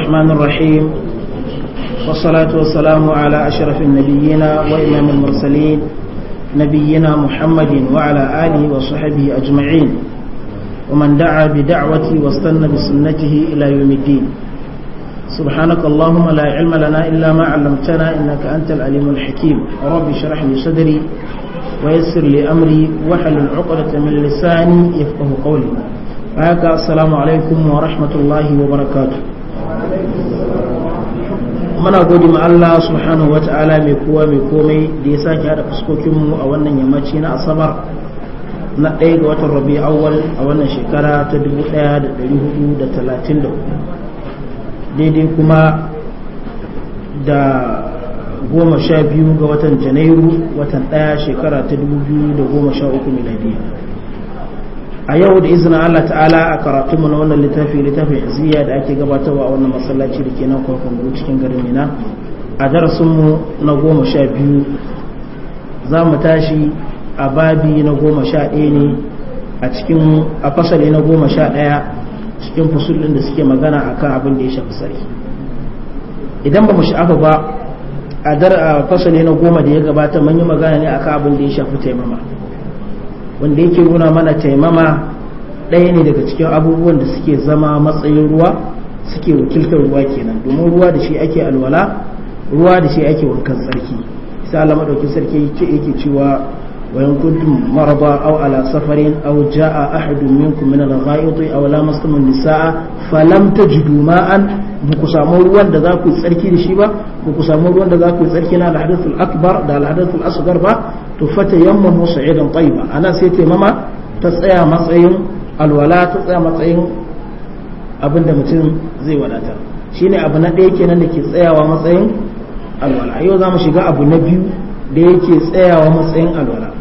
الرحمن الرحيم والصلاة والسلام على أشرف النبيين وإمام المرسلين نبينا محمد وعلى آله وصحبه أجمعين ومن دعا بدعوتي واستنى بسنته إلى يوم الدين سبحانك اللهم لا علم لنا إلا ما علمتنا إنك أنت العليم الحكيم رب اشرح لي صدري ويسر لي أمري وحل العقدة من لساني يفقه قولي السلام عليكم ورحمة الله وبركاته muna gode ma Allah subhanahu wata'ala mai kowa mai komai da ya sake hada fuskokinmu a wannan yammaci na asabar na ɗaya ga watan rabi awwal a wannan shekara ta 1434 daidai kuma da goma biyu ga watan janairu watan ɗaya shekara ta 2013 a yau da izina Allah ta'ala a karatunmu na wannan littafi littafin ziya da ake gabatarwa a wannan masallaci da ke nan kwakwanguru cikin garin mina a darasinmu na goma sha biyu za mu tashi a babi na goma sha ɗaya ne a cikin a fasali na goma sha ɗaya cikin fusulin da suke magana a kan abin da ya shafi sarki idan ba mu sha'afa ba a fasali na goma da ya gabata mun yi magana ne a kan abin da ya shafi taimama wanda yake nuna mana taimama ɗaya ne daga cikin abubuwan da suke zama matsayin ruwa suke wakiltar ruwa kenan domin ruwa da shi ake alwala ruwa da shi ake wankan tsarki sai Allah madaukin sarki yake cewa وإن كنتم مرضى أو على سفر أو جاء أحد منكم من الغائط أو لامستم النساء فلم تجدوا ماء بكسامور وان ذاكو تسركي لشيبا بكسامور وان ذاكو تسركينا الحدث الأكبر دا الحدث الأصغر با تفتيمه صعيدا طيبا أنا سيتي ماما تسعي مصعين الولاء تسعي مصعين abin da mutum zai wadatar shine abu na ɗaya kenan da ke tsayawa matsayin alwala yau za mu shiga abu na biyu da yake tsayawa matsayin alwala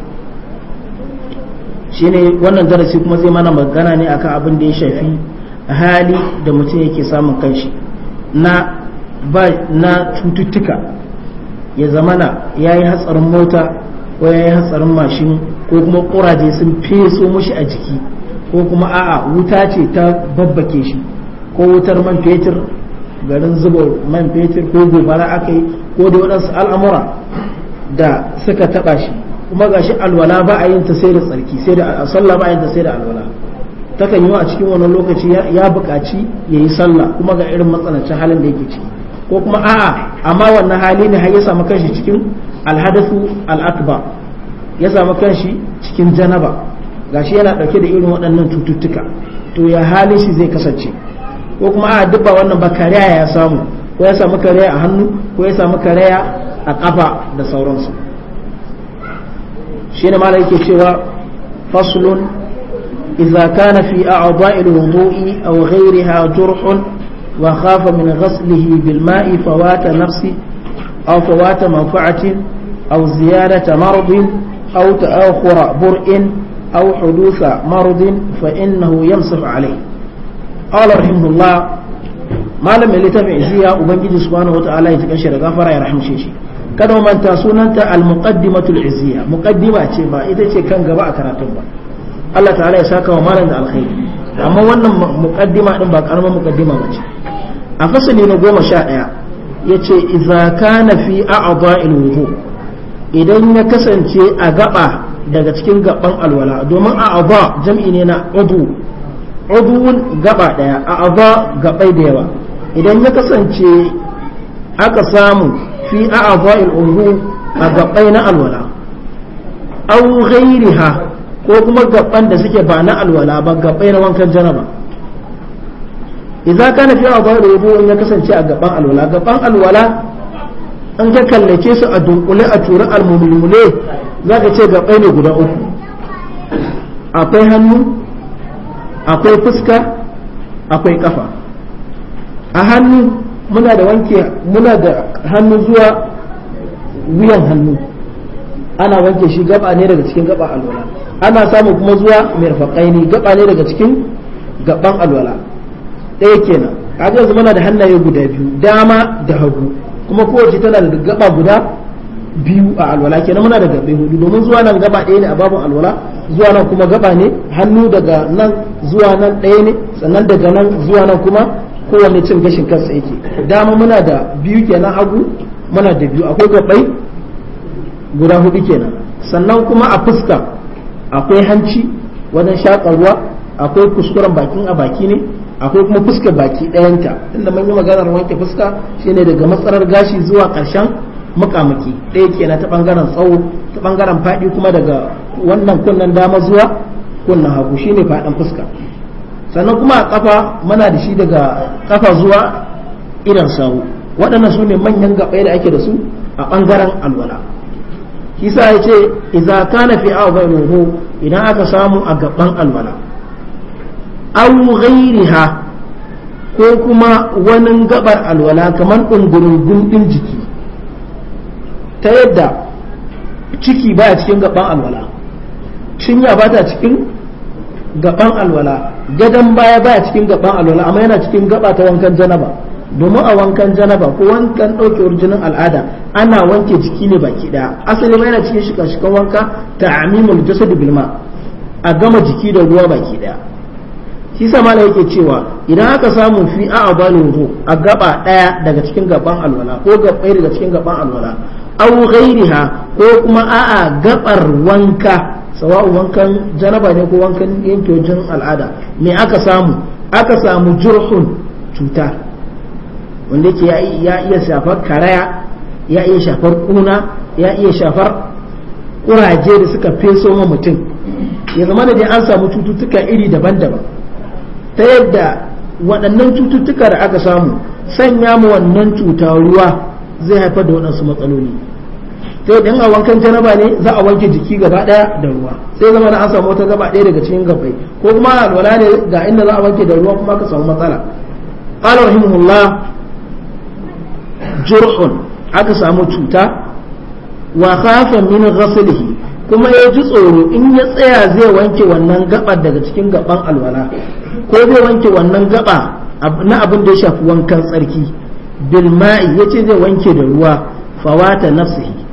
Shi ne wannan darasi kuma zai mana magana ne akan abin da ya shafi hali da mutum yake samun kanshi na ba na cututtuka ya zamana ya yi hatsarin mota ko ya yi hatsarin mashin ko kuma kuraje sun feso mushi a jiki ko kuma a'a wuta ce ta babbake shi ko wutar man fetur garin zuba man fetur ko gobara aka yi ko da waɗansu al'amura da suka taɓa shi kuma gashi alwala ba a yin ta sai da tsarki sai da sallah ba a yin ta sai da alwala takan yi a cikin wannan lokaci ya buƙaci ya yi sallah kuma ga irin matsanancin halin da yake ciki ko kuma a'a amma wannan hali ne har ya samu kanshi cikin alhadathu al'akba ya samu kanshi cikin janaba gashi yana ɗauke da irin waɗannan cututtuka to ya halin shi zai kasance ko kuma a duk ba wannan ba kariya ya samu ko ya samu kariya a hannu ko ya samu kariya a ƙafa da sauransu shine malai yake cewa faslun iza kana fi a'dha'il wudu'i aw ghayriha jurhun wa khafa min ghaslihi bil ma'i fawata nafsi aw fawata manfa'atin aw ziyadata maradin aw ta'akhura bur'in aw hudutha maradin fa innahu yamsahu alayhi qala rahimahullah malam mai littafin ubangiji subhanahu wata'ala ya ji kanshi da gafara ya rahamshe shi kada manta sunanta al al izziya muqaddima ce ba ita ce kan gaba a karatun ba Allah ta'ala ya saka wa malam da alkhairi amma wannan muqaddima din ba karamar muqaddima ba a fasali na goma sha ɗaya ya ce idza kana fi a'dha'il wudu idan ya kasance a gaba daga cikin gaban alwala domin a'dha jam'i ne na udu uduwun gaba daya a'dha gabai da yawa idan ya kasance aka samu في أعضاء الوضوء أبقين الولاء أو غيرها وكما قبان دسك بانا الولاء بقبين وانكن جنبا إذا كان في أعضاء الوضوء إن كسن شيء أقبان الولاء أقبان الولاء an كان لكيس أدن a dunkule a tura almulmule za ka ce gaɓai ne guda uku akwai hannu akwai fuska muna da wanke muna da hannu zuwa wuyan hannu ana wanke shi gaba ne daga cikin gaba alwala ana samu kuma zuwa mirfaƙai ne gaba ne daga cikin gaban alwala ɗaya kenan kaga yanzu muna da hannaye guda biyu dama da hagu kuma kowace tana da gaba guda biyu a alwala kenan muna da gaba hudu domin zuwa nan gaba ɗaya ne a babun alwala zuwa nan kuma gaba ne hannu daga nan zuwa nan ɗaya ne sannan daga nan zuwa nan kuma kowanne cin gashin kansa yake dama muna da biyu kenan hagu muna da biyu akwai gabai guda hudu kenan sannan kuma a fuska akwai hanci wajen shaƙa ruwa akwai kuskuren bakin a baki ne akwai kuma fuskar baki ɗayanta inda mun yi maganar wanke fuska shine daga matsalar gashi zuwa ƙarshen mukamuki ɗaya kenan ta ɓangaren tsawo ta ɓangaren faɗi kuma daga wannan kunnen dama zuwa kunnen hagu shine faɗin fuska sannan kuma a kafa mana da shi daga kafa zuwa idan sawu waɗannan su ne manyan gaɓai da ake da su a ɓangaren alwala kisa ya ce idza kana fi roho, idan aka samu a gaɓan alwala An aw ha ko kuma wani gaɓar alwala kamar dungurungun gundun jiki ta yadda ciki baya cikin gaɓan alwala cinya ba ta cikin gaɓan alwala gadon baya baya cikin gaban alwala amma yana cikin gaba ta wankan janaba domin a wankan janaba ko wankan ɗaukewar jinin al'ada ana wanke jiki ne baki ɗaya asali ma yana cikin shika-shikan wanka ta amimul jasadu bilma a gama jiki da ruwa baki ɗaya shi sa yake cewa idan aka samu fi a abalin ruhu a gaba ɗaya daga cikin gaban alwala ko gabai daga cikin gaban alwala au ghairiha ko kuma a'a gabar wanka sawa'u wankan janaba ne ko wankan yanke jin al'ada me aka samu aka samu jurhun cuta wanda yake ya iya shafar karaya ya iya shafar kuna ya iya shafar kuraje da suka feso ma mutum ya zama da an samu cututtuka iri daban-daban ta yadda waɗannan cututtuka da aka samu sanya ma wannan cuta ruwa zai haifar da waɗansu matsaloli sai idan a wankan janaba ne za a wanke jiki gaba daya da ruwa sai zama na an samu wata gaba daya daga cikin gabai ko kuma alwala ne ga inda za a wanke da ruwa kuma ka samu matsala qala rahimullah jur'un aka samu cuta wa khafa min ghaslihi kuma ya ji tsoro in ya tsaya zai wanke wannan gaba daga cikin gaban alwala ko zai wanke wannan gaba na abin da ya shafi wankan tsarki bilma'i ya ce zai wanke da ruwa fawata nafsihi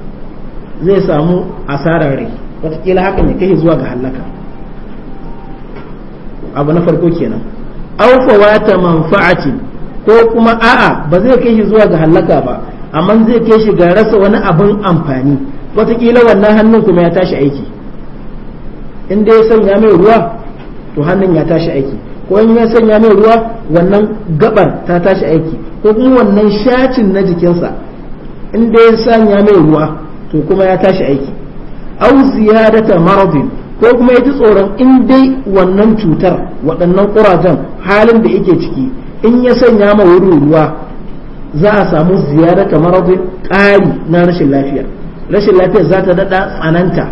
zai samu asarar rai wataƙila hakan ya kai zuwa ga halaka abu na farko kenan aw wata manfa'ati ko kuma a'a ba zai kai shi zuwa ga halaka ba amma zai kai shi ga rasa wani abin amfani wataƙila wannan hannun kuma ya tashi aiki in dai ya sanya mai ruwa to hannun ya tashi aiki ko in ya sanya mai ruwa wannan gabar ta tashi aiki ko kuma wannan shacin na jikinsa in dai ya sanya mai ruwa to kuma ya tashi aiki au ziyadata maradin ko kuma ya tsoron in dai wannan cutar waɗannan ƙurajen halin da yake ciki in ya sanya ma wurin ruwa za a samu ziyadata maradin ƙari na rashin lafiya rashin lafiya za ta daɗa tsananta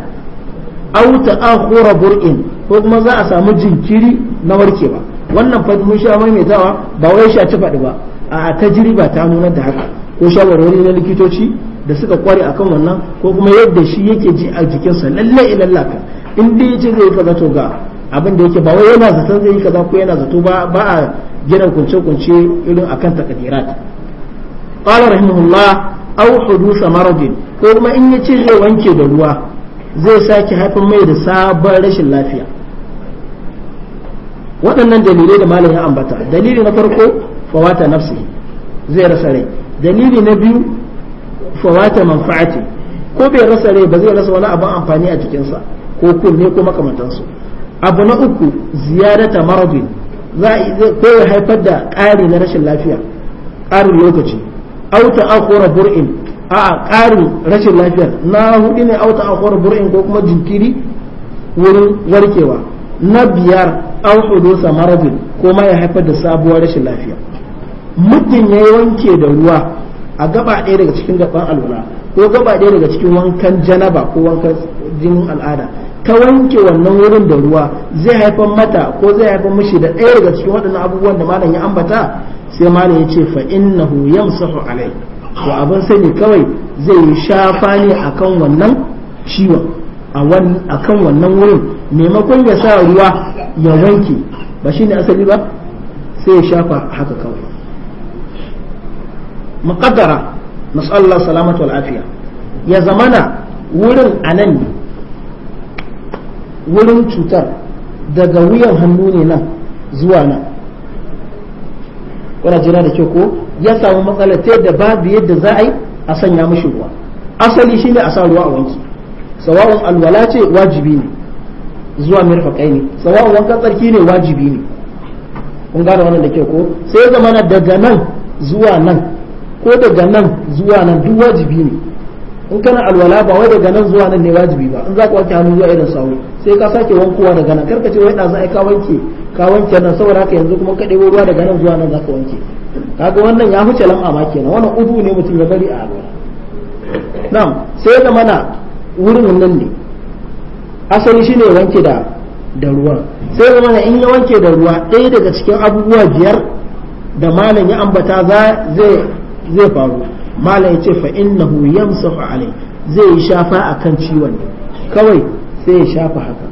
au ta'akhura bur'in ko kuma za a samu jinkiri na warkewa wannan mun sha maimaitawa ba wai sha ci faɗi ba a tajriba ta nuna da haka ko shawarwari na likitoci da suka kware kan wannan ko kuma yadda shi yake ji a jikinsa lalle ilalla in dai ce zai kaza to ga abinda da yake ba wai yana zaton zai yi kaza ko yana zato ba ba a jiran kunce kunce irin akan takadirat qala rahimahullah aw hudusa maradin ko kuma in ya ce zai wanke da ruwa zai sake haifin mai da sabon rashin lafiya waɗannan dalilai da malam ya ambata dalili na farko fawata nafsi zai rasa rai dalili na biyu fawata manfa'ati ko bai rasa rai ba zai rasa wani abin amfani a jikinsa ko kunne ko makamantansu abu na uku ziyarata maradin ko ya haifar da ƙari na rashin lafiya ƙarin lokaci auta akhura bur'in a ƙarin rashin lafiyar na hudu ne auta akhura bur'in ko kuma jinkiri wurin warkewa na biyar an hudusa maradin ko ma ya haifar da sabuwar rashin lafiya mutum ya yi wanke da ruwa a gaba ɗaya daga cikin gaban alwala ko gaba ɗaya daga cikin wankan janaba ko wankan jinin al'ada ta wanke wannan wurin da ruwa zai haifar mata ko zai haifar mishi da ɗaya daga cikin waɗannan abubuwan da malam ya ambata sai malam ya ce fa innahu yamsahu alai to abin sani kawai zai yi shafa ne akan wannan ciwon a kan wannan wurin maimakon ya sa ruwa ya wanke ba shine asali ba sai ya shafa haka kawai muqaddara nasallallahu salamatu wal afiya ya zamana wurin anan ne wurin cutar daga wuyan hannu ne nan zuwa nan kuna jira da ke ko ya samu matsala ta yadda babu yadda za a yi a sanya mashi ruwa asali shine a sa ruwa a wanki sawa'un alwala ce wajibi ne zuwa mirfaƙai ne sawa'un wankan tsarki ne wajibi ne kun gane wannan da ke ko sai zamana daga nan zuwa nan ko daga nan zuwa nan duk wajibi ne in kana alwala ba wai daga nan zuwa nan ne wajibi ba in za ku wanke hannu zuwa irin sawu sai ka sake wankowa daga nan karka ce wai da za ka wanke ka wanke nan saboda haka yanzu kuma ka ɗebo ruwa daga nan zuwa nan za ka wanke kaga wannan ya huce lam'ama kenan wannan udu ne mutum ya bari a alwala nan sai da mana wurin nan ne asali shine wanke da da ruwa sai da mana in ya wanke da ruwa ɗaya daga cikin abubuwa biyar da malam ya ambata za zai zai faru malam ya ce fa innahu yamsahu alai zai yi shafa akan ciwon ne kawai sai ya shafa haka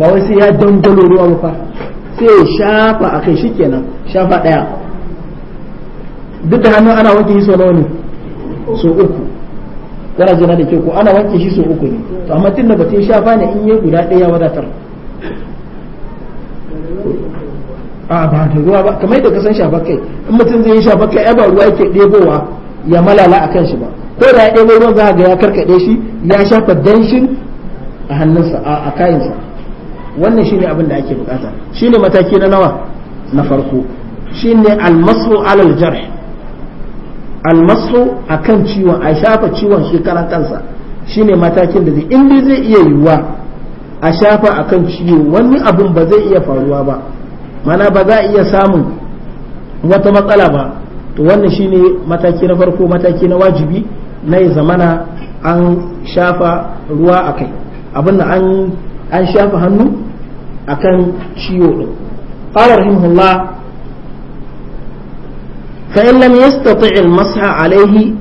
ba wai sai ya dangalo ruwa ba fa sai ya shafa shi kenan shafa daya duk da hannun ana wanke shi sau nawa ne sau uku kana jina da kyau ko ana wanke shi sau uku ne to amma tunda batun shafa ne in yi guda daya wadatar a ba ta ruwa ba kamar da kasan shafa kai in mutum zai yi shafa kai ba ruwa yake ɗebowa ya malala a kan shi ba ko da ya ɗebo ruwan za ga ya karkaɗe shi ya shafa danshin a hannunsa a kayansa wannan shine abin da ake bukata shine mataki na nawa na farko shine almasu alal jarh almasu akan ciwon a shafa ciwon shi karan kansa shine matakin da zai in dai zai iya yiwuwa a shafa akan ciwo wani abun ba zai iya faruwa ba mana ba za a iya samun wata matsala ba to wannan shine mataki na farko mataki na wajibi na zamana an shafa ruwa a kai abinda an shafa hannu a kan ciwo ɗin qala rahimahullah fa in lam yastati' masha alaihi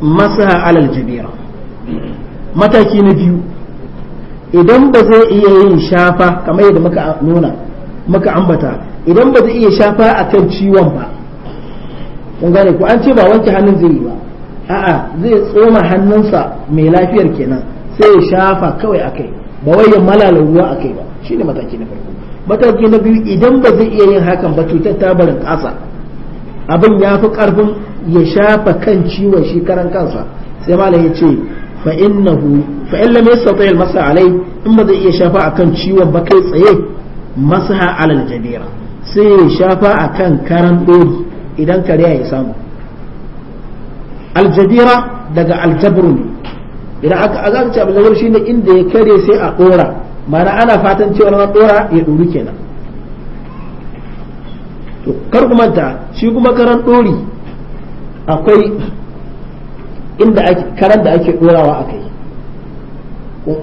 masha ala jabira mataki na biyu idan ba zai iya yin shafa kamar yadda muka nuna maka ambata idan ba zai iya shafa a kan ciwon ba kun gane ku an ce ba wanke hannun zai yi ba a'a zai tsoma hannunsa mai lafiyar kenan sai ya shafa kawai akai ba wai ya malala ruwa akai ba shine mataki na farko mataki na biyu idan ba zai iya yin hakan ba cutar ta barin kasa abin ya fi karfin ya shafa kan ciwon shi karan kansa sai malam ya ce fa innahu fa illa lam yastati masa alai in ba zai iya shafa akan ciwon ba kai tsaye masaha alal jabira sai ya shafa a kan karan ɗori idan kare ya samu aljabira daga aljabru ne idan aka aka ce shi shine inda ya kare sai a ɗora mana ana fatan cewa na ɗora ya ɗori kenan to kar ku manta shi kuma karan ɗori akwai inda ake karan da ake ɗorawa a kai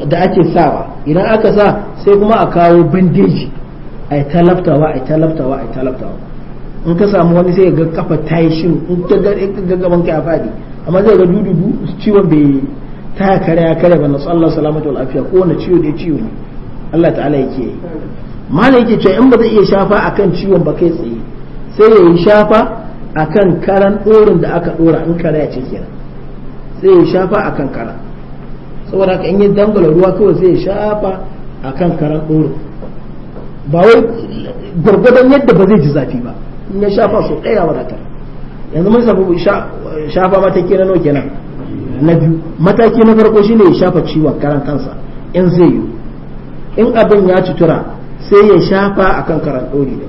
da ake sawa idan aka sa sai kuma a kawo bandeji ai talaftawa ai talaftawa ai talaftawa in ka samu wani sai ga kafa ta yi shiru in ka ga gaban ka ya fadi amma zai ga dudubu ciwon bai ta kare ya kare ba nasu Allah salamatu wal afiya ko wani ciwo da ciwo ne Allah ta'ala yake yi malai yake cewa in ba zai iya shafa akan ciwon ba kai tsaye sai ya yi shafa akan karan dorin da aka dora in kare ya ce kenan sai ya shafa akan kara saboda haka in yi dangala ruwa kawai sai ya shafa akan karan dorin ba wai gwargwadon yadda ba zai ji zafi ba in ya shafa so ya wadatar yanzu mun sabu shafa mataki kira nawa kenan na biyu mataki na farko shine ya shafa ciwon karan kansa in zai yi in abin ya cutura sai ya shafa akan karan dori ne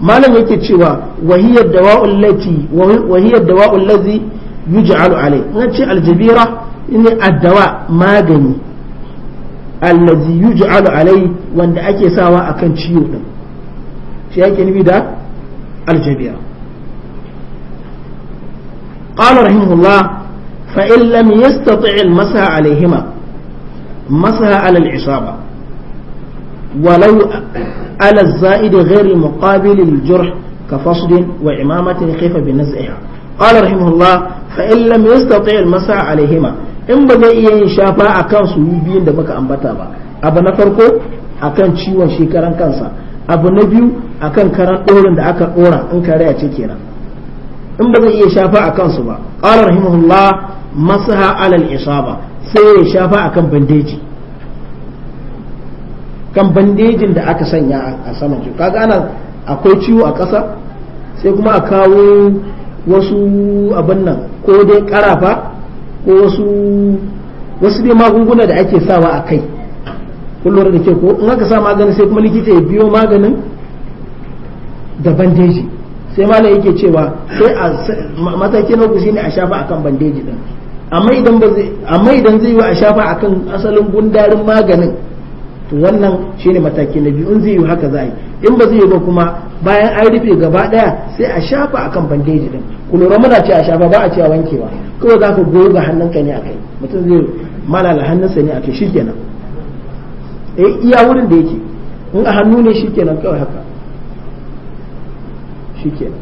malam yake cewa wahiyar dawa'ul lati wahiyar dawa'ul ladzi yuj'alu alai in ce aljabira inni addawa magani allazi yuj'alu alai wanda ake sawa akan ciwo din shi yake nufi da aljabiya qala rahimahullah fa in lam yastati' almasah alaihima masah ala al'isaba ولو على الزائد غير مقابل الجرح كفصد وعمامة خيف بنزعها قال رحمه الله فإن لم يستطع المسعى عليهما in ba zai iya yin shafa a kan su biyun da muka ambata ba abu na farko a kan ciwon shekaran kansa abu na biyu a kan karan ɗorin da aka ɗora in kare a ce kenan in ba zai iya shafa a kansu ba ƙara rahimahullah masaha alal isaba sai ya shafa a kan bandeji kan bandejin da aka sanya a saman ciwo kaga ana akwai ciwo a ƙasa sai kuma a kawo wasu abin nan ko dai ƙarafa ko wasu wasu dai magunguna da ake sawa a kai kun lura da ke ko in aka sa magani sai kuma likita ya biyo maganin da bandeji sai malam yake cewa sai a mataki na uku shine a shafa akan bandeji din amma idan ba zai amma idan zai yi a shafa akan asalin gundarin maganin to wannan shine mataki na biyu in zai yi haka za in ba zai yi ba kuma bayan an rufe gaba daya sai a shafa akan bandeji din ku lura muna ce a shafa ba a ce a wankewa kawai za ka goga ka ne a kai mutum zai malala hannunsa ne a kai shikenan eh iya wurin da yake in a hannu ne shikenan kawai haka shikenan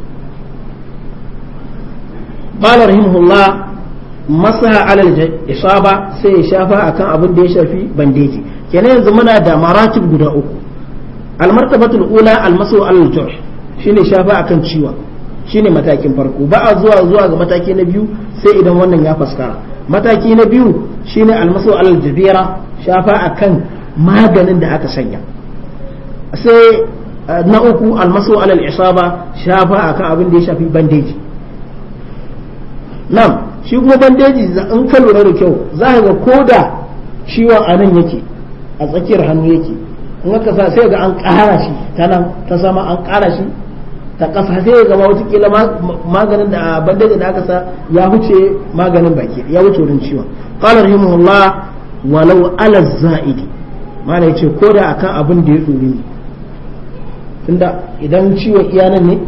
bala rahimahullah masaha alal isaba sai ya shafa akan abin da ya shafi bandeji kenan yanzu muna da maratib guda uku almartabatul ula almasu alal juh shine shafa akan ciwon shine matakin farko ba a zuwa zuwa ga mataki na biyu sai idan wannan ya faskara mataki na biyu shine almasu aljabira shafa akan maganin da aka sanya sai eh, na uku almasu alal isaba shafa akan abin da ya shafi bandeji Nan shi kuma bandeji in ka lura da kyau za ka ga da ciwon a nan yake a tsakiyar hannu yake in aka sa sai ga an ƙara shi ta nan ta sama an ƙara shi ta kasa sai ya zama watakila maganin da bandaji da aka sa ya wuce maganin baki ya wuce wurin ciwon qala rahimahullah walau alas za'idi mana ce ko da akan abin da ya tsori ne tunda idan ciwon iyanan ne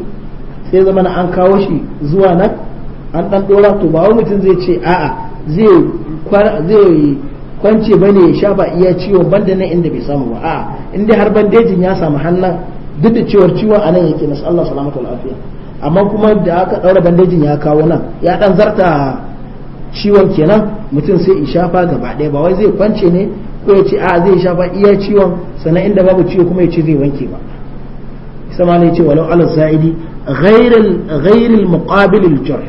sai zama na an kawo shi zuwa nan an dan dora to ba mutum zai ce a'a zai zai kwance bane ya sha ba iya ciwon banda nan inda bai samu ba a'a inda har bandejin ya samu hannan duk da cewar ciwon anan yake nasu Allah salamatu lafiya amma kuma da aka daura bandejin ya kawo nan ya ɗan zarta ciwon kenan mutum sai in shafa gaba ɗaya ba wai zai kwance ne ko ya ce a zai shafa iya ciwon sannan inda babu ciwo kuma ya ce zai wanke ba sama ne ce walau ala sa'idi ghairil muqabilil jarh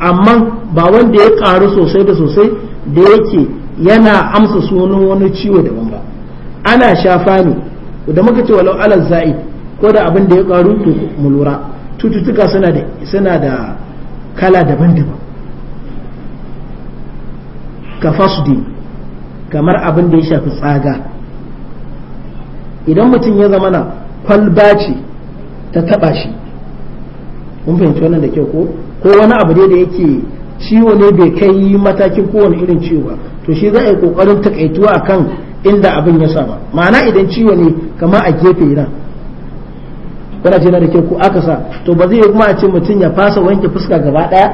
amma ba wanda ya karu sosai da sosai da yake yana amsa sunan wani ciwo daban ba ana shafa ne da muka ce walau alal za'i ko da abin da ya karu to mu lura cututtuka suna da suna da kala daban-daban ka fasdi kamar abin da ya shafi tsaga idan mutum ya zama na ce ta taba shi mun fahimci wannan da kyau ko ko wani abu dai da yake ciwo ne bai kai matakin kowane irin ciwo ba to shi za a yi kokarin takaituwa akan inda abin ya saba ma'ana idan ciwo ne kama a gefe nan kuna ce na da ku aka sa to ba zai kuma a ce mutum ya fasa wanke fuska gaba daya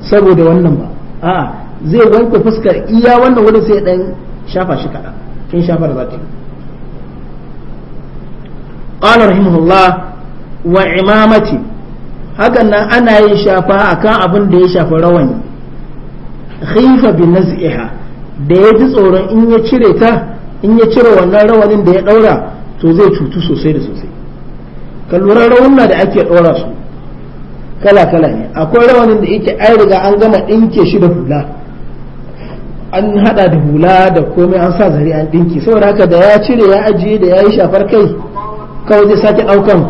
saboda wannan ba a'a zai wanke fuska iya wannan wurin sai dan shafa shi kaɗan in shafa da zaki qala rahimahullah wa imamati hakan nan ana yin shafa akan abin da ya shafa rawani khifa bi naz'iha da ya ji tsoron in ya cire ta in ya cire wannan rawanin da ya daura to zai cutu sosai da sosai ka lura rawunna da ake daura su kala kala ne akwai rawanin da yake ai riga an gama dinke shi da hula an hada da hula da komai an sa zari an dinki saboda haka da ya cire ya ajiye da ya yi shafar kai kawai zai sake daukan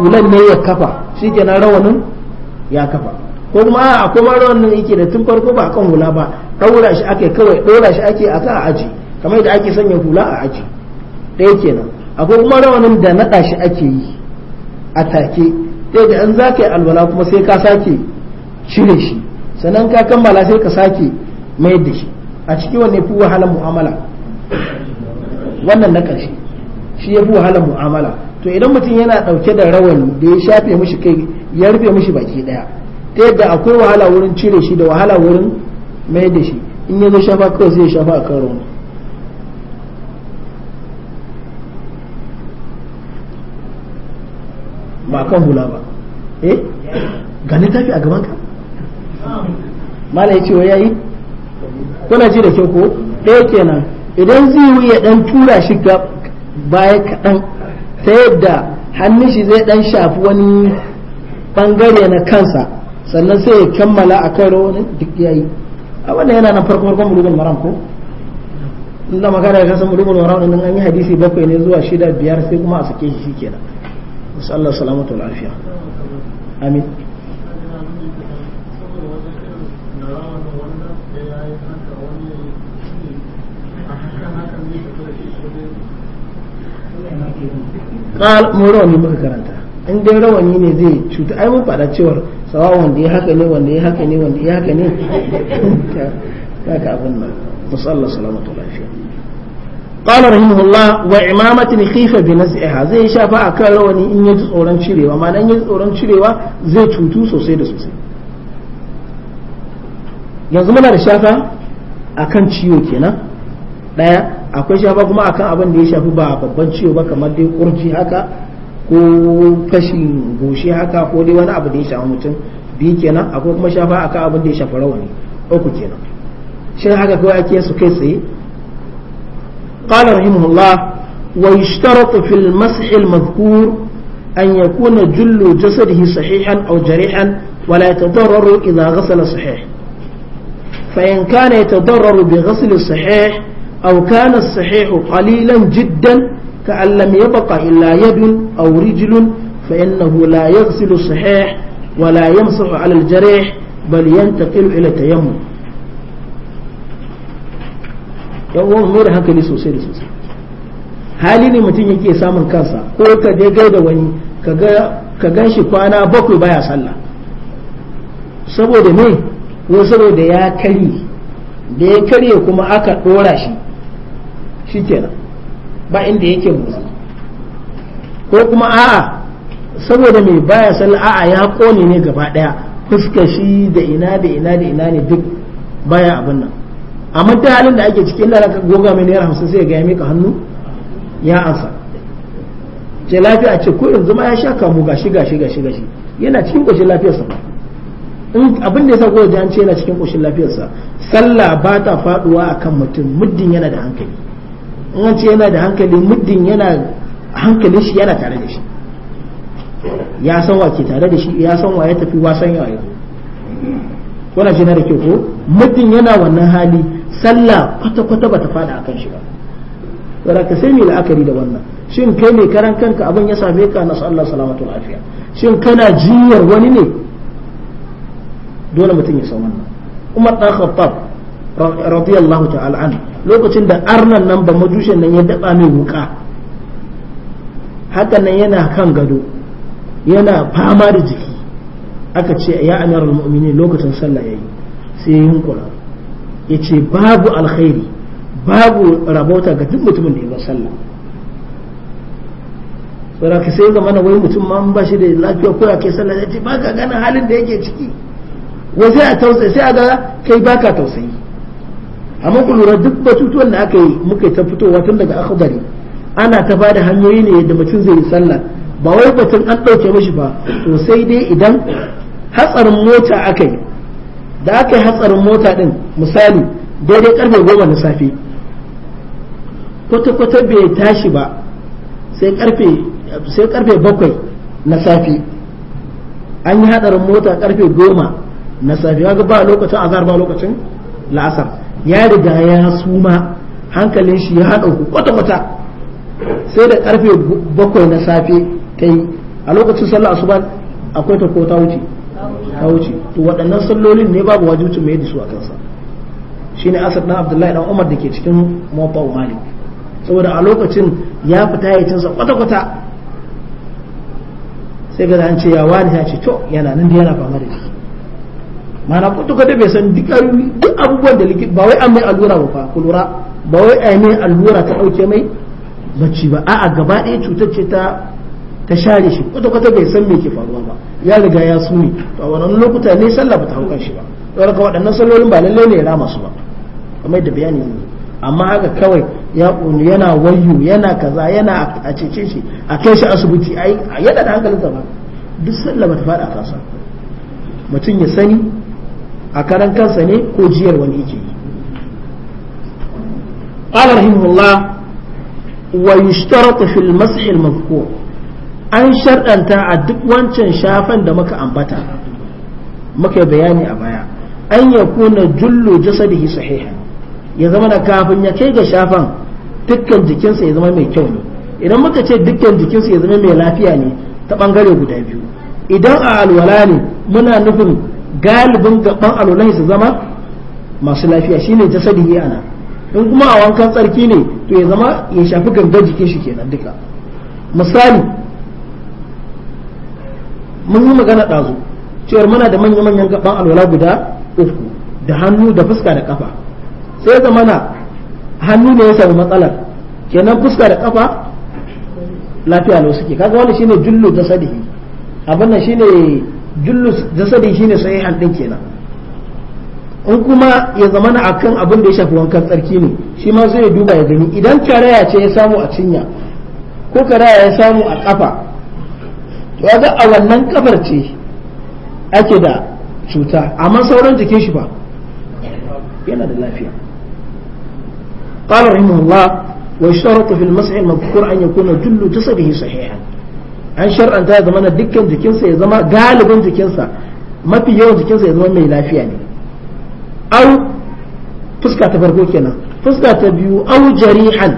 hulan ne ya kafa shi kenan rawanin ya kafa ko kuma a kuma rawanin yake da tun farko ba akan hula ba ɗaura shi ake kawai ɗora shi ake aka a aji kamar da ake sanya hula a aji ɗaya kenan akwai kuma rawanin da naɗa shi ake yi a take ɗaya da an za ka yi alwala kuma sai ka sake cire shi sannan ka kammala sai ka sake mayar da shi a cikin wanne fi wahalar mu'amala wannan na ƙarshe shi ya fi wahalar mu'amala to idan mutum yana ɗauke da rawani da ya shafe mishi kai ya rufe mishi baki ɗaya ta yadda akwai wahala wurin cire shi da wahala wurin mai da shi in ya shafa kawai sai shafa a kan rauni ba kan hula ba eh gani tafi a gaban ka mala ya ce wa yayi kuna ji da kyau ko ɗaya kenan idan zai yi ya dan tura shi ga baya kaɗan ta yadda hannun shi zai dan shafi wani bangare na kansa sannan sai ya kammala a kan rauni duk yayi abinda yana nan farko farkon bulugul maram ko inda magana ya san bulugul maram nan an yi hadisi bakwai ne zuwa shida biyar sai kuma a sake shi kenan wasu Allah salamatu wal afiya amin qal mu rawani muka karanta in dai rawani ne zai cuta ai mun fada cewar sawa wanda ya haka ne wanda ya haka ne wanda ya haka ne kaka abin nan musallar salamatu lafiya قال رحمه الله وإمامة خيفة بنزعها زي شافا أكل وني إن يجز أوران شريوا ما إن يجز أوران شريوا زي توتو da sosai. yanzu muna da shafa akan ciwo kenan ɗaya akwai shafa kuma akan abin da ya shafi ba babban ciwo ba kamar dai kurji haka ko kashi goshi haka ko dai wani abu da ya shafa mutum bi kenan akwai kuma shafa akan abin da ya shafa rawani uku kenan shin haka kawai ake su kai tsaye قال رحمه الله ويشترط في المسح المذكور أن يكون جل جسده صحيحا أو جريحا ولا يتضرر إذا غسل صحيح فإن كان يتضرر بغسل الصحيح أو كان الصحيح قليلا جدا كأن لم يبق إلا يد أو رجل فإنه لا يغسل الصحيح ولا يمسح على الجريح بل ينتقل إلى التيمم yawon mai da hankali sosai da sosai hali ne mutum yake samun kansa ko ka gai da wani ka gan shi kwana bakwai baya sallah saboda me ko saboda ya kari da ya karye kuma aka ɗora shi shi kenan ba inda yake motsi ko kuma a'a saboda mai baya san a'a ya kone ne gaba daya fuska shi da ina da ina da ina ne duk baya abin nan amma ta halin da ake cikin da ka goga mai naira hamsin sai ga ya mika hannu ya ansa ce lafiya ce ko yanzu ma ya sha kamu gashi gashi gashi gashi yana cikin koshin lafiyarsa ba in abin da ya sa an ce yana cikin koshin lafiyarsa sallah ba ta faduwa akan mutum muddin yana da hankali in yana da hankali muddin yana hankalin shi yana tare da shi ya san wa ke tare da shi ya san wa ya tafi wasan san yawa kuna da kyau ko muddin yana wannan hali sallah kwata kwata bata fada kan shi ba wanda ka sai mai la'akari da wannan shin kai ne karan kanka abin ya same ka na sallah salamatu lafiya shin kana jiyar wani ne dole mutum ya san wannan umar dan khattab radiyallahu ta'ala an lokacin da arnan nan ba majushin nan ya daba mai wuka hakan nan yana kan gado yana fama da jiki aka ce ya amiral mu'minin lokacin sallah yayi sai ya kula yace babu alkhairi babu rabota ga duk mutumin da ya sallah saboda ka sai zamana wai mutum ma ba shi da lafiya ko ya kai sallah yace baka ganin halin da yake ciki wai sai a tausayi sai a ga kai baka tausayi amma ku lura duk batutuwan da aka yi muka ta fitowa tun daga akhbari ana ta bada hanyoyi ne da mutum zai yi sallah ba wai batun an ɗauke mashi ba to sai dai idan hatsarin mota aka yi da aka yi hatsarin mota ɗin misali daidai karfe goma na safe kwata-kwata bai tashi ba sai karfe bakwai na safe an yi hatsarin mota karfe goma na safe ga ba lokacin azhar ba lokacin la'asar ya riga ya suma hankalin shi ya haɗa kwata-kwata sai da karfe bakwai na safe ta yi a lokacin sallah asuba akwai ta ko ta wuce ta wuce to waɗannan sallolin ne babu wajibcin mai da su a kansa shine asad ɗan abdullahi dan umar da ke cikin mawafa malik saboda a lokacin ya fita ya cinsa kwata-kwata sai ga an ce ya wani ya ce to yana nan da yana fama da shi mana ko tuka bai san duk abubuwan da likita ba wai an mai allura ba fa ku lura ba wai an mai allura ta dauke mai bacci ba a'a gaba ɗaya cutar ce ta ta share shi kwata bai san me ke faruwa ba ya riga ya sune to a wannan lokuta ne sallah ba ta hauka shi ba don haka waɗannan sallolin ba lalle ne ya rama su ba kamar da bayani ne amma haka kawai ya ƙuni yana wayo yana kaza yana a cece shi a kai shi asibiti a yana da hankalinsa ba duk sallah ba ta faɗa a mutum ya sani a karan kansa ne ko jiyar wani yake yi قال wa الله ويشترط في المسح المذكور an sharɗanta a duk wancan shafan da muka ambata muka bayani a baya an ya kuna jullu jasadihi sahiha ya zama da kafin ya kai ga shafan dukkan jikinsa ya zama mai kyau ne idan muka ce dukkan jikinsa ya zama mai lafiya ne ta bangare guda biyu idan a alwala ne muna nufin galibin gaban alulai su zama masu lafiya shine a ana in kuma a wankan tsarki ne to ya zama ya shafi gangar jikin shi kenan duka misali mun yi magana ɗazu cewar muna da manya-manyan gaban alwala guda uku da hannu da fuska da kafa sai zamana hannu ne ya samu matsalar kenan fuska da kafa lafiya lau suke kaga wannan shine jullu jasadihi abin nan shine jullus jasadin shine sahihan din kenan in kuma ya zama zamana akan abin da ya shafi wankan tsarki ne shi ma zai duba ya gani idan karaya ce ya samu a cinya ko karaya ya samu a kafa to ga a wannan kafar ce ake da cuta amma sauran jikin shi ba yana da lafiya قال رحمه الله ويشترط في المسح المذكور أن يكون جل جسده صحيحا an shar'anta ya zama dukkan jikinsa ya zama galibin jikinsa mafi yawan jikinsa ya zama mai lafiya ne au fuska ta farko kenan fuska ta biyu au jarihan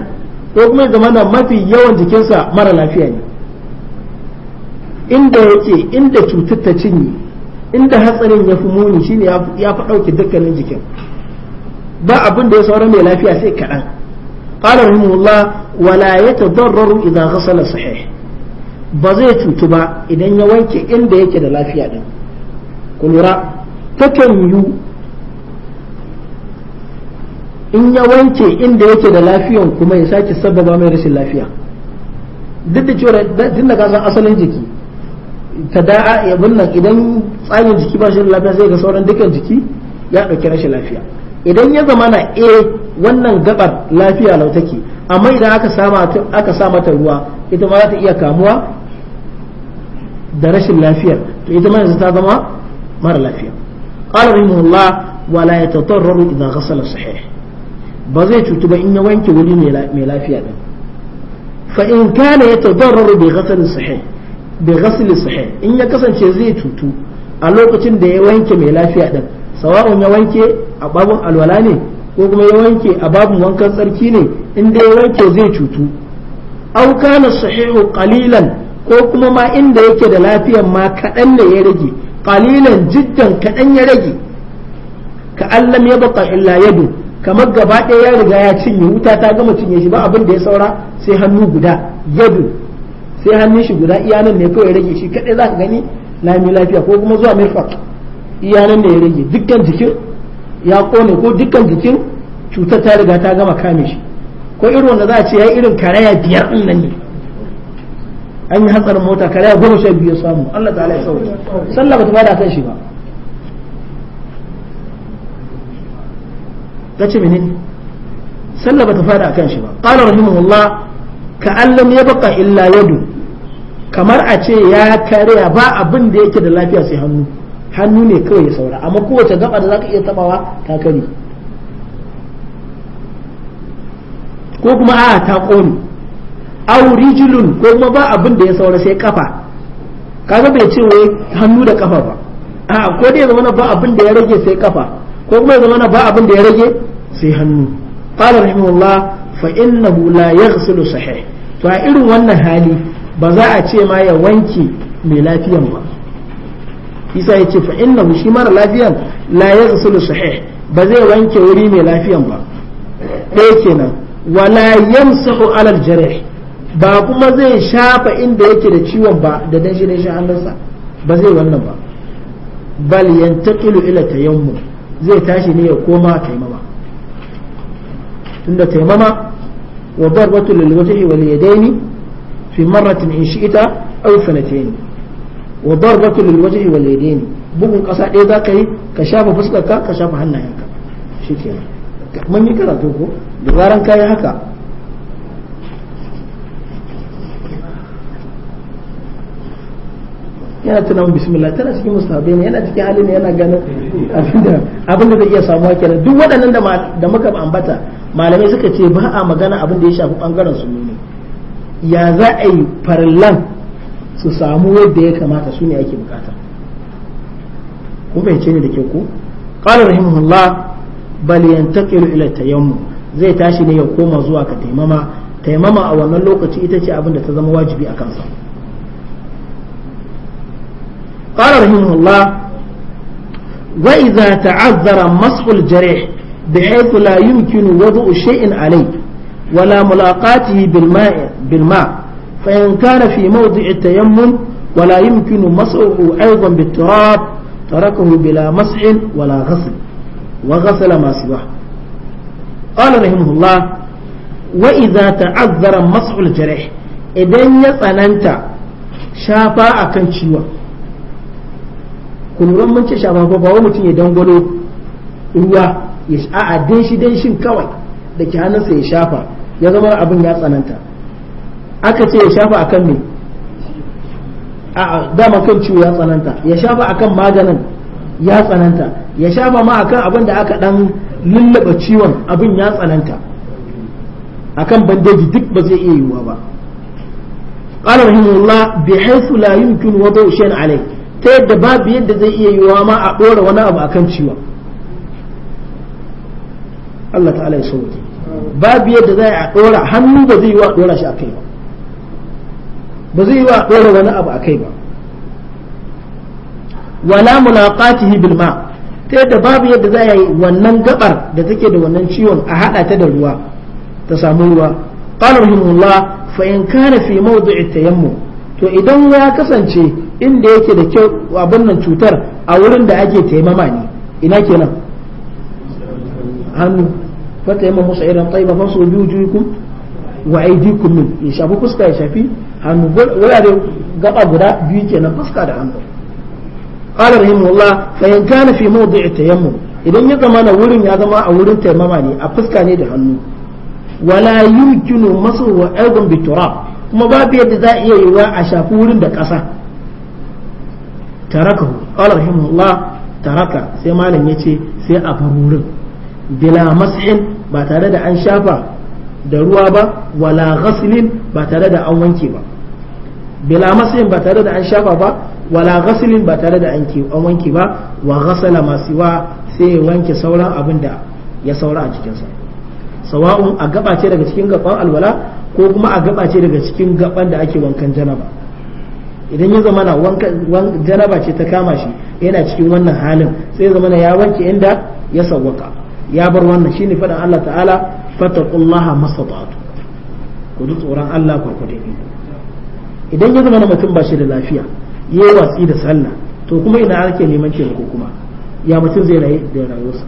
ko kuma ya zama mafi yawan jikinsa mara lafiya ne inda yake inda cutar ta cinye inda hatsarin ya fi muni shine ya fi ɗauke dukkanin jikin ba abin da ya saura mai lafiya sai kaɗan قال رحمه الله ولا يتضرر إذا غسل صحيح ba zai cutu ba idan ya wanke inda yake da lafiya ɗin ku lura takan yu in ya wanke inda yake da lafiyan kuma ya sake sababa mai rashin lafiya duk da cewa tun da kasan asalin jiki ta da'a ya bunna idan tsarin jiki ba shi da lafiya zai ga sauran dukkan jiki ya ɗauki rashin lafiya idan ya zama na eh wannan gabar lafiya lau take amma idan aka sa mata ruwa ita ma za ta iya kamuwa درس اللافية فإذا ما زدت هذا ما مر اللافية قال رحمه الله ولا يتضرر إذا غسل صحيح بزيت تبا إن وين تولي ملافية فإن كان يتضرر بغسل صحيح بغسل صحيح إن يكسن شزي توتو ألوك تند وين كملافية دم سواء وين ك أباب الولاني ko kuma yawanke a babu wankan tsarki ne in dai yawanke zai cutu au kana sahihu qalilan ko kuma ma inda yake da lafiyan ma kaɗan ne ya rage qalilan jiddan kaɗan ya rage ka allam ya baka illa yadu kamar gaba ɗaya ya riga ya cinye wuta ta gama cinye shi ba abin da ya saura sai hannu guda yadu sai hannun shi guda iyanan ne kawai rage shi kaɗai za ka gani lami lafiya ko kuma zuwa mirfaq iyanan ne ya rage dukkan jikin ya kone ko dukkan jikin cutar ta riga ta gama kame shi ko irin wanda za a ce ya irin karaya biyar ɗin nan ne an yi hatsarin mota kare goma sha biyu samu Allah ta'ala ya sauke sallah ba ta bada kan shi ba kace menene sallah ba ta fada kan shi ba rahimu allah ka allam ya baka illa yadu kamar a ce ya kariya ba abin da yake da lafiya sai hannu hannu ne kawai ya saura amma kowace gaba da zaka iya tabawa ta kari ko kuma a ta ƙone. aw rijlun ko kuma ba abin da ya saura sai kafa kaga bai ce wai hannu da kafa ba a ko dai zama ba abin da ya rage sai kafa ko kuma zama ba abin da ya rage sai hannu qala rahimahullah fa innahu la yaghsilu sahih to a irin wannan hali ba za a ce ma ya wanke mai lafiyan ba isa ya ce fa innahu shi mara lafiyan la yaghsilu sahih ba zai wanke wuri mai lafiyan ba ɗaya kenan wala yamsahu alal jarih ba kuma zai shafa inda yake da ciwon ba da danshi shi hannunsa ba zai wannan ba bal yantaqilu ila tayammum zai tashi ne ya koma taimama tunda taimama wa darbatu lil wajhi wal yadaini fi marratin in shi'ita aw sanatayn wa darbatu lil wajhi wal yadaini bugun kasa ɗaya za ka yi ka shafa fuskarka ka shafa hannayenka shikenan mun yi karatu ko da zaran kai haka yana tunanin bismillah tana cikin mustahabi ne yana cikin halin ne yana ganin abinda abinda zai iya samuwa kenan duk waɗannan da muka ambata malamai suka ce ba a magana abin da ya shafi bangaren su ne ya za a yi farlan su samu yadda ya kamata su ne ake bukata bai fahimce ne da ke ko qala rahimahullah bal yantaqilu ila tayammum zai tashi ne ya koma zuwa ka taimama taimama a wannan lokaci ita ce abin da ta zama wajibi a kansa قال رحمه الله وإذا تعذر مسح الجريح بحيث لا يمكن وضع شيء عليه ولا ملاقاته بالماء بالماء فإن كان في موضع التيمم ولا يمكن مسحه أيضا بالتراب تركه بلا مسح ولا غسل وغسل ما سواه قال رحمه الله وإذا تعذر مسح الجريح إذن يتننت شافا أكن شيوه kulluran mun ce shafa ko ba wa mutum ya dangwalo ruwa ya a'a dan shi dan shin kawai da ke hannunsa ya shafa ya zama abin ya tsananta aka ce ya shafa akan me a dama kan ciwo ya tsananta ya shafa akan maganin ya tsananta ya shafa ma akan abin da aka dan lullaba ciwon abin ya tsananta akan bandeji duk ba zai iya yiwuwa ba قال رحمه الله بحيث لا يمكن وضع شيء عليه ta yadda babu yadda zai iya yiwa ma a ɗora wani abu akan ciwon Allah ta'ala ya sauke babu yadda zai a ɗora hannu ba zai yiwa a ɗora shi a kai ba ba zai yiwa a ɗora wani abu a kai ba wala mulaqatihi bil ma ta yadda babu yadda zai yi wannan gabar da take da wannan ciwon a haɗa ta da ruwa ta samu ruwa qala rahimullah fa in kana fi mawdi'i tayammum to idan ya kasance inda yake da kyau abin nan cutar a wurin da ake taimama ne ina kenan hannu fa taimama sa'iran tayyiba fa su kun wa aydikum min ya shafi fuska ya shafi hannu wurare gaba guda biyu kenan fuska da hannu قال رحمه الله fi كان في موضع التيمم idan ya zama na wurin ya zama a wurin taimama ne a fuska ne da hannu wala yumkinu masu wa ergon bitura kuma babu yadda za a iya yiwa a shafi wurin da ƙasa tarakahu qala rahimahullah taraka sai malam yace sai a bar wurin bila mas'in ba tare da an shafa da ruwa ba wala ghaslin ba tare da an wanke ba bila mas'in ba tare da an shafa ba wala ghaslin ba tare da an wanke ba wa ghasala masiwa sai ya wanke sauran abin da ya saura a jikinsa sawa'un a gaba ce daga cikin gaban alwala ko kuma a gaba ce daga cikin gaban da ake wankan janaba idan ya zamana janaba ce ta kama shi yana cikin wannan halin sai ya zamana ya wanke inda ya sawwaka ya bar wannan shine faɗin Allah ta'ala fattaqullaha mastata'tu ku ji tsoron Allah ku. idan ya zamana mutum ba shi da lafiya yayi watsi da sallah to kuma ina ake neman taimako kuma ya mutum zai rayu da rayuwarsa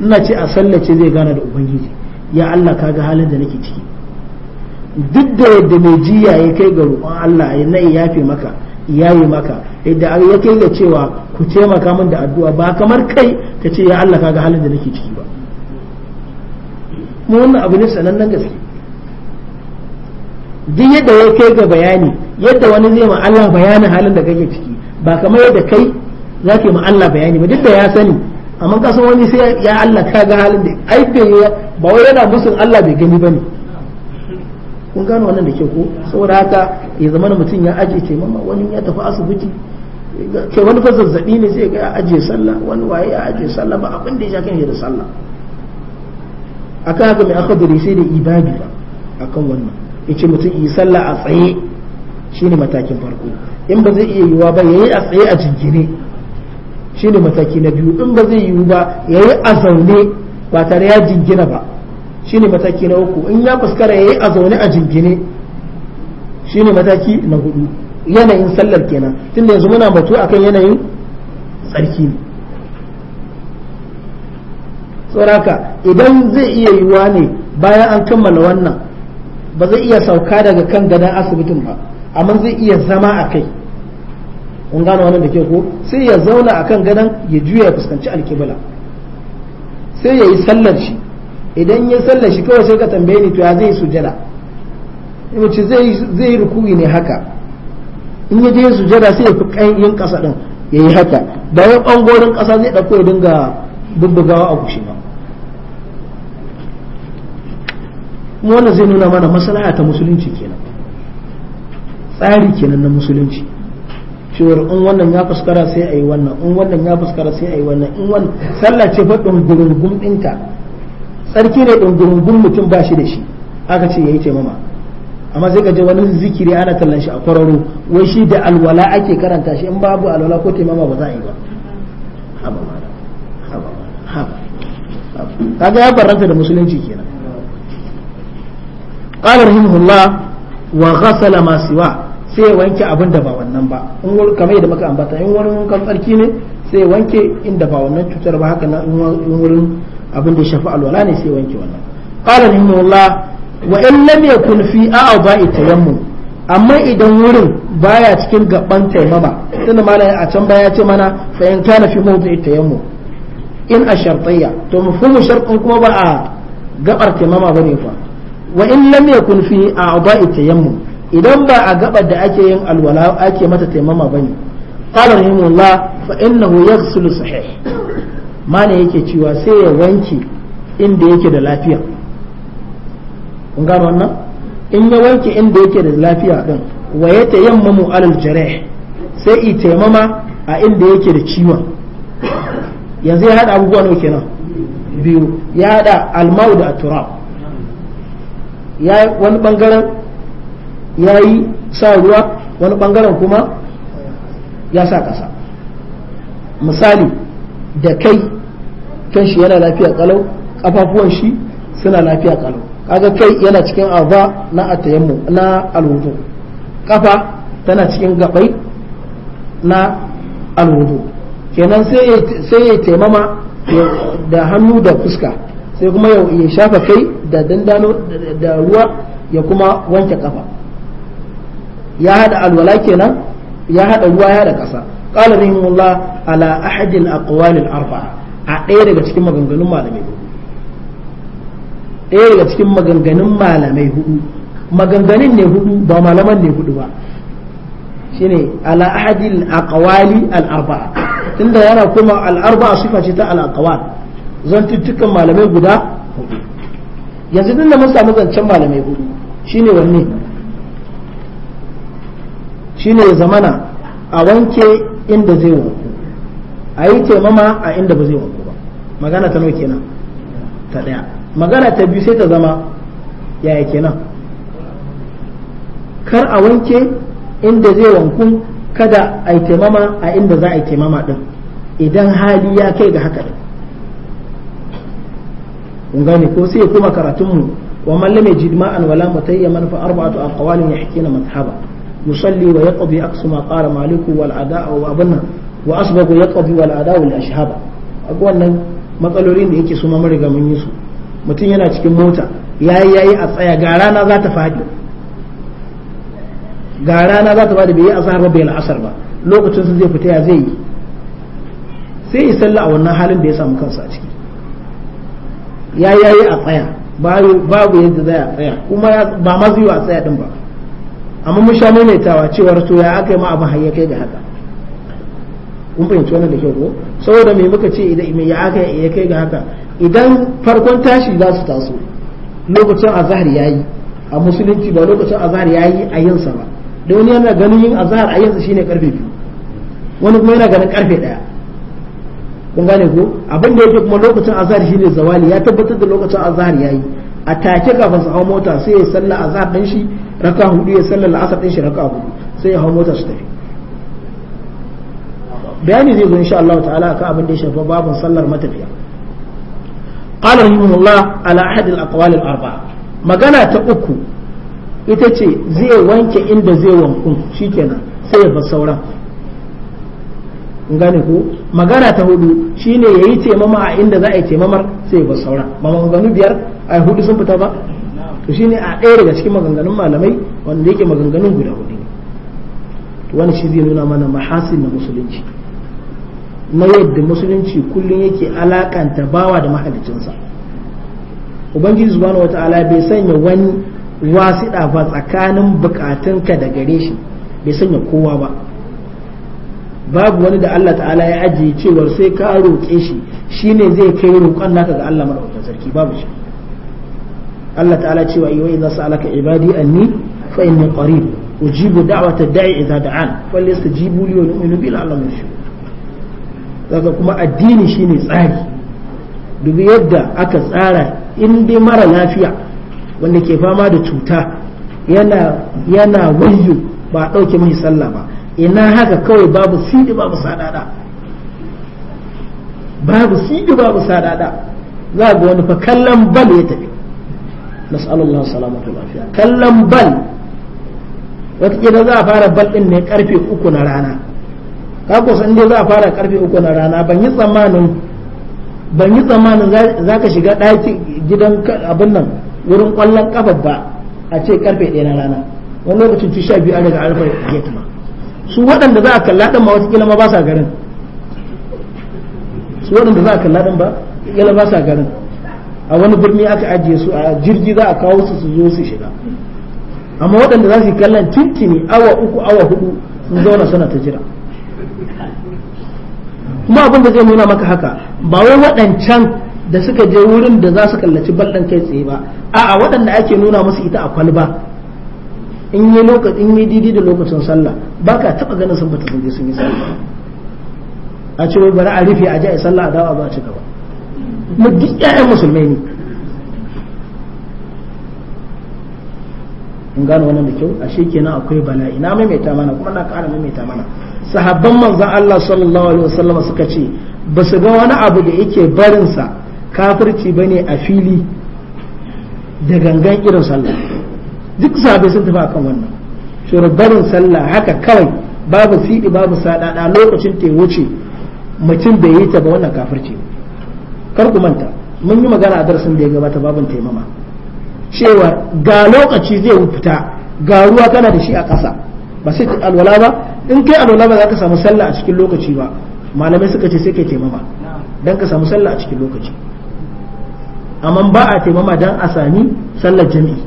ina ce a sallah ce zai gana da ubangiji ya Allah ka ga halin da nake ciki duk da yadda mai jiya ya kai ga roƙon Allah ya nai fi maka yi maka yadda ya kai ga cewa ku taimaka min da addu'a ba kamar kai ka ce ya Allah kaga halin da nake ciki ba mu wannan abu ne sanannen gaske duk yadda ya kai ga bayani yadda wani zai ma Allah bayanin halin da kake ciki ba kamar yadda kai za ka ma Allah bayani ba duk da ya sani amma kasan wani sai ya Allah kaga halin da ai ba wai yana musun Allah bai gani ba ne kun gano wannan da ke ko saboda haka ya zama mutum ya aje taimama wani ya tafi asibiti ke wani fa zazzabi ne sai ga aje sallah wani waye ya aje sallah ba abin da ya kan da sallah akan haka mai akhadari sai da ibadi ba akan wannan yace mutum yi sallah a tsaye shine matakin farko in ba zai iya yiwa ba yayi a tsaye a jingine shine mataki na biyu in ba zai yiwu ba yayi a zaune ba tare ya jingina ba shine mataki na uku in ya fuskara yayi a zaune a jingine shine mataki na hudu yanayin sallar kenan tunda yanzu muna batu akan yanayin tsarki ne tsoraka idan zai iya yiwuwa ne bayan an kammala wannan ba zai iya sauka daga kan gadon asibitin ba amma zai iya zama a kai kun gano wannan da ke ko sai ya zauna a kan gadon ya juya ya fuskanci alkibla sai ya yi sallar shi idan ya sallar shi kawai sai ka tambaye ni to ya zai sujada mace zai rukuri ne haka in ya je sujada sai ya fi yin ƙasa ɗin ya yi haka da ya ɓangoren ƙasa zai dauko ya dinga bubbugawa a kushi ba kuma wannan zai nuna mana maslaha ta musulunci kenan tsari kenan na musulunci cewar in wannan ya fuskara sai a yi wannan in wannan ya fuskara sai a yi wannan in wannan sallah ce faɗin gurungun ɗinka tsarki ne ɗungurungun mutum ba shi da shi aka ce ya yi taimama amma sai ka wani zikiri ana tallan shi a kwararo wai shi da alwala ake karanta shi in babu alwala ko taimama ba za a yi ba haba kaga ya baranta da musulunci kenan qala rahimahullah wa ghasala ma siwa sai wanke abin da ba wannan ba in wani kamar yadda muka ambata in wani wankan tsarki ne sai wanke inda ba wannan cutar ba haka na in wurin abin da ya shafi alwala ne sai wanke wannan qala rahimahullah wa in lam yakun fi a'dha'i tayammum amma idan wurin baya cikin gaban taimama tunda malai a can baya ce mana fa in kana fi mawdi'i tayammum in a shartiyya to mafhumu shartin kuma ba a gabar taimama bane fa wa in lam yakun fi a'dha'i tayammum idan ba a gabar da ake yin alwala ake mata taimama bane qala rahimahullah fa innahu yaghsilu sahih mana yake cewa sai ya wanke inda yake da lafiya kun gano wannan in ya wanke inda yake da lafiya din wa ya tayammamu alal jarih sai i taimama a inda yake da ciwon yanzu ya hada abubuwa ne kenan biyu ya hada almau da turab ya wani bangaren ya yi sa ruwa wani bangaren kuma ya sa kasa misali da kai kan shi yana lafiya kalau kafafuwan shi suna lafiya kalau kaga kai yana cikin aza na atayammu na alwudu kafa tana cikin gabai na alwudu kenan sai ya taimama da hannu da fuska sai kuma ya shafa kai da dandano da ruwa ya kuma wanke kafa ya hada alwala kenan ya hada ruwa ya hada kasa qala rahimullah ala ahadin aqwalil arba'a a ɗaya daga cikin maganganun malamai hudu ɗaya daga cikin maganganun malamai hudu maganganun ne hudu ba malaman ne hudu ba shine ala ahadil aqwali al arba'a tunda yana kuma al arba'a sifa ce ta al aqwal tuttukan malamai guda hudu yanzu tunda mun samu zancen malamai hudu shine wanne shine zamana a wanke inda zai wanku a yi taimama a inda ba zai wanku magana ta nawa kenan ta daya magana ta biyu sai ta zama yaya kenan kar a wanke inda zai wanku kada a yi taimama a inda za a yi taimama din idan hali ya kai ga haka din kun gane ko sai kuma karatunmu ومن لم يجد ماء ولا متيما فأربعة أقوال يحكين مذهبا يصلي ويقضي أقصى ما قال مالك والعداء وأبنى وأسبق يقضي والعداء والأشهاب أقول matsalolin da yake su ma mun mun yi su mutum yana cikin mota ya yi a tsaya ga rana za ta fadi ga rana za ta fadi bai yi a ba bai la'asar ba lokacin su zai fita ya zai yi sai ya salla a wannan halin da ya samu kansa a ciki ya yi a tsaya babu yadda zai a tsaya kuma ba ma zai a tsaya din ba amma mun sha maimaitawa cewar to ya aka yi ma abin hayyakai da haka mun fahimci wannan da kyau ko saboda me muka ce idan me ya aka ya kai ga haka idan farkon tashi za su taso lokacin azhar yayi a musulunci ba lokacin azhar yayi a yin sa ba da wani yana ganin yin azhar a yin sa shine karfe biyu wani kuma yana ganin karfe daya kun gane ko abin da yake kuma lokacin azhar shine zawali ya tabbatar da lokacin azhar yayi a take kafin su hau mota sai ya sallar azhar din shi raka hudu ya sallar al'asar din shi raka hudu sai ya hau mota su tafi bayani zai zo insha Allah ta'ala kan abin da ya shafa babun sallar matafiya qala rahimahullah ala ahad al aqwal al arba'a magana ta uku ita ce zai wanke inda zai wanku shikenan sai ya bar sauran gane ko magana ta hudu shine yayi taimama a inda za a yi taimamar sai ya bar sauran ba maganganu biyar a hudu sun fita ba to shine a ɗaya daga cikin maganganun malamai wanda yake maganganun guda hudu to wani shi zai nuna mana mahasin na musulunci na yadda musulunci kullum yake alakanta bawa da mahalicinsa ubangiji subhanahu wata'ala bai sanya wani wasiɗa ba tsakanin bukatunka da gare shi bai sanya kowa ba babu wani da Allah ta'ala ya ajiye cewar sai ka roƙe shi shine zai kai roƙon naka ga Allah madaukakin sarki babu shi Allah ta'ala cewa yi wa idza sa'alaka ibadi anni fa inni qarib ujibu da'wata da'i idza da'an falyastajibu li wa daga kuma addini shine tsari duk yadda aka tsara in dai mara lafiya wanda ke fama da cuta yana yana wayyo ba a ɗauke mai sallah ba ina haka kawai babu sidi babu sadada babu sidi babu sadada za ga wani fa kallon bal ya tafi nas'alullah salamatu lafiya kallon bal wata za a fara bal din ne karfe uku na rana ka san dai za a fara karfe uku na rana ban yi tsammanin ban yi tsammanin za ka shiga ɗaki gidan abin nan wurin ƙwallon ƙafa ba a ce karfe ɗaya na rana wani lokacin tun sha biyu an daga alfa ya ma su waɗanda za a kalla ɗin ma watakila ma ba sa garin su waɗanda za a kalla ɗin ba watakila ba sa garin a wani birni aka ajiye su a jirgi za a kawo su su zo su shiga amma waɗanda za su yi kallon tintini awa uku awa hudu sun zauna suna ta jira kuma abin da zai nuna maka haka ba wai waɗancan da suka je wurin da za su kallaci baldan kai tsaye ba a'a waɗanda ake nuna musu ita a kwalba in yi lokacin yi didi da lokacin sallah ba ka taɓa ganin sun bata sun je sun yi sallah a ce wai bari a rufe a ji a sallah a dawa ba a ci gaba mu duk ƴaƴan musulmai ne in gano wannan da kyau ashe kenan akwai bala'i na maimaita mana kuma na ƙara maimaita mana sahabban manzan Allah sallallahu alaihi wasallam suka ce ba su ga wani abu da yake barinsa kafirci ba ne a fili da gangan irin sallah duk sahabbai sun tafi akan wannan shirin barin sallah haka kawai babu siɗi babu saɗaɗa lokacin ta wuce mutum bai yi ta ba wannan kafirci kar ku manta mun yi magana a darasin da ya gabata babun taimama cewa ga lokaci zai fita ga ruwa kana da shi a ƙasa ba sai alwala ba in kai alwala ba za ka samu sallah a cikin lokaci ba malamai suka ce sai kai taimama dan ka samu sallah a cikin lokaci amma ba a taimama dan a sami sallar jami'i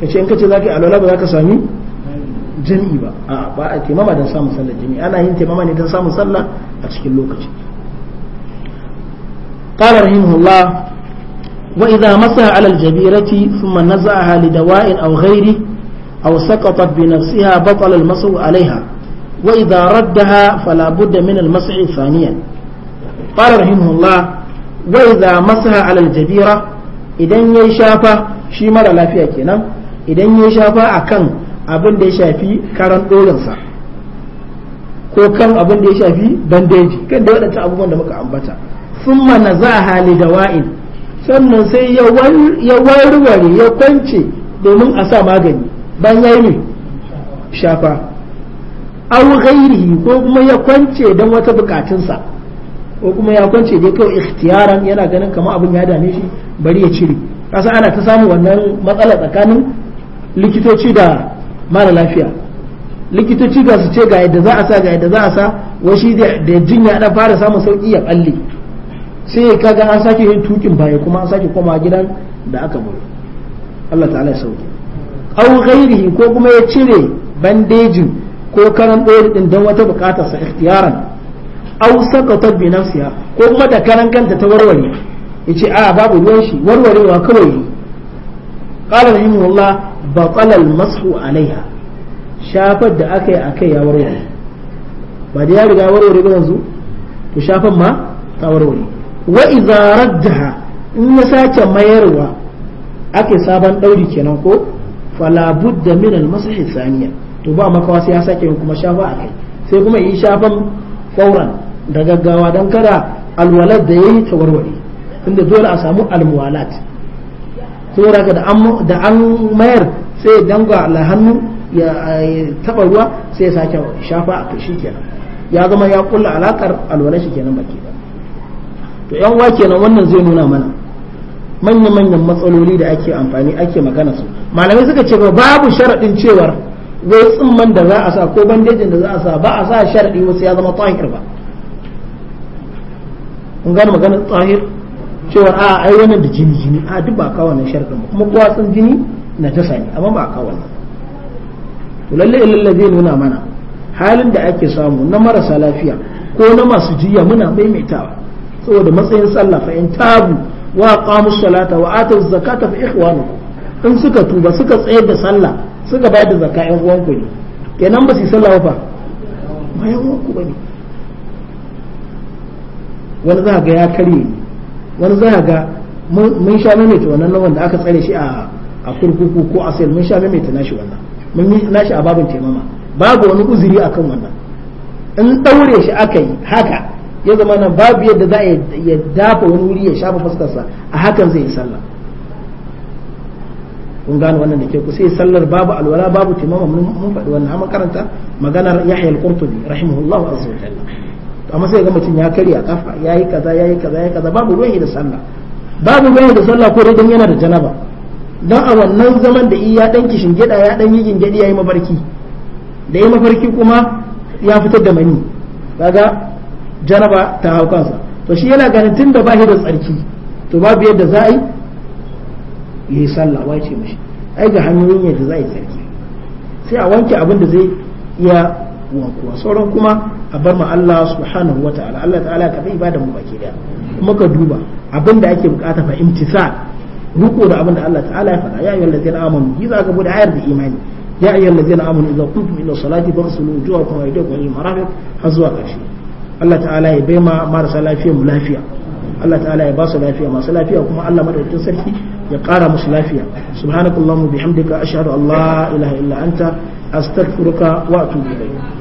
ka ce in ka ce za ka yi alwala ba za ka sami jami'i ba a ba a taimama dan samun sallar jami'i ana yin taimama ne dan samun sallah a cikin lokaci قال رحمه الله وإذا مسح على الجبيرة ثم نزعها لدواء أو غيره أو سقطت بنفسها بطل المسح عليها وإذا ردها فلا بد من المسح ثانيا قال رحمه الله وإذا مسح على الجبيرة إذن يشافى شي مرة لا فيها كنا إذن يشافى أكن أبن kan abin da ya shafi ko kan abin da ya shafi bandeji kan da waɗanta abubuwan da muka ambata sun mana za a hali da wa'in sannan sai ya warware ya kwance domin a sa magani ban yayi shafa aw ghairihi ko kuma ya kwance dan wata bukatunsa ko kuma ya kwance dai kawai ikhtiyaran yana ganin kamar abin ya dame shi bari ya cire kasa ana ta samu wannan matsala tsakanin likitoci da mara lafiya likitoci ga su ce ga yadda za a sa ga yadda za a sa washi da jinya dan fara samun sauki ya balle sai ya kaga an sake yin tukin baya kuma an sake koma gidan da aka bari Allah ta'ala ya sauke au ghairihi ko kuma ya cire bandejin ko karan ɗori ɗin don wata buƙatar sa ikhtiyaran au sakata bi nafsiha ko kuma da karan kanta ta warware yace a babu ruwan shi warwarewa kawai qala rahimahullah batala al-mashu alaiha shafar da aka yi akai ya warware ba da ya riga warware ba yanzu to shafan ma ta warware wa idza raddaha in ya sace mayarwa ake sabon dauri kenan ko fala budda min al saniya to ba makawa sai ya sake yin kuma shafa a kai sai kuma yi shafan fauran da gaggawa dan kada alwala da yayi ta inda tunda dole a samu almuwalat saboda da an da an mayar sai danga la hannu ya taba ruwa sai ya sake shafa a kai kenan ya zama ya kulla alakar alwalar shi kenan baki to yan wa kenan wannan zai nuna mana manya-manyan matsaloli da ake amfani ake magana su malamai suka ce babu sharaɗin cewar wai tsimman da za a sa ko bandejin da za a sa ba a sa sharaɗi wasu ya zama tahir ba kun gane magana tahir cewar a ai wannan da jini jini a duk ba ka wannan sharaɗin ba kuma kowa sun jini na jasa ne amma ba ka wannan to lalle lalle zai nuna mana halin da ake samu na marasa lafiya ko na masu jiya muna maimaitawa saboda matsayin sallah fa in tabu wa qamu salata wa atu zakata fi ikhwanukum in suka tuba suka tsayar da sallah suka bayar da zakka ƴan uwanku ne kenan ba su sallah ba ba ƴan uwanku bane wani za ga ya karye wani za ga mun sha maimaita wannan wanda aka tsare shi a a kurkuku ko a mun sha ta nashi wannan mun yi nashi a babin taimama babu wani uzuri akan wannan in daure shi aka yi haka ya zama nan babu yadda za ya dafa wani wuri ya shafa fuskarsa a hakan zai yi sallah kun gane wannan da ke ku sai sallar babu alwala babu timama mun faɗi wannan amma karanta maganar Yahya al-Qurtubi rahimahullahu azza wa jalla amma sai ga mutum ya karya kafa yayi kaza yayi kaza yayi kaza babu ruwan da sallah babu ruwan da sallah ko dai yana da janaba dan a wannan zaman da iya dan kishin geda ya dan yi gingedi yayi mafarki da yayi mafarki kuma ya fitar da mani kaga janaba ta hau kansa to shi yana ganin tun da bashi da tsarki to babu yadda za a yi yi sallah wai ce mashi ai ga hanyoyin yadda za a yi tsarki sai a wanke abin da zai iya wankuwa sauran kuma a bar ma Allah subhanahu wa ta'ala Allah ta'ala ka bai ibada mu baki daya kuma ka duba abin da ake bukata fa imtisal ruko da abin da Allah ta'ala ya faɗa ya ayyuhal ladzina amanu yi za ka bude ayar da imani ya ayyuhal ladzina amanu idza kuntum ila salati faghsilu wujuhakum wa aydiyakum ila al marafiq har zuwa ƙarshe Allah ta'ala ya bai ma marasa lafiya mu lafiya Allah ta'ala ya ba su lafiya masu lafiya kuma Allah madaukakin sarki ya ƙara musu lafiya subhanakallahumma bihamdika ashhadu an la ilaha illa anta astaghfiruka wa atubu ilayk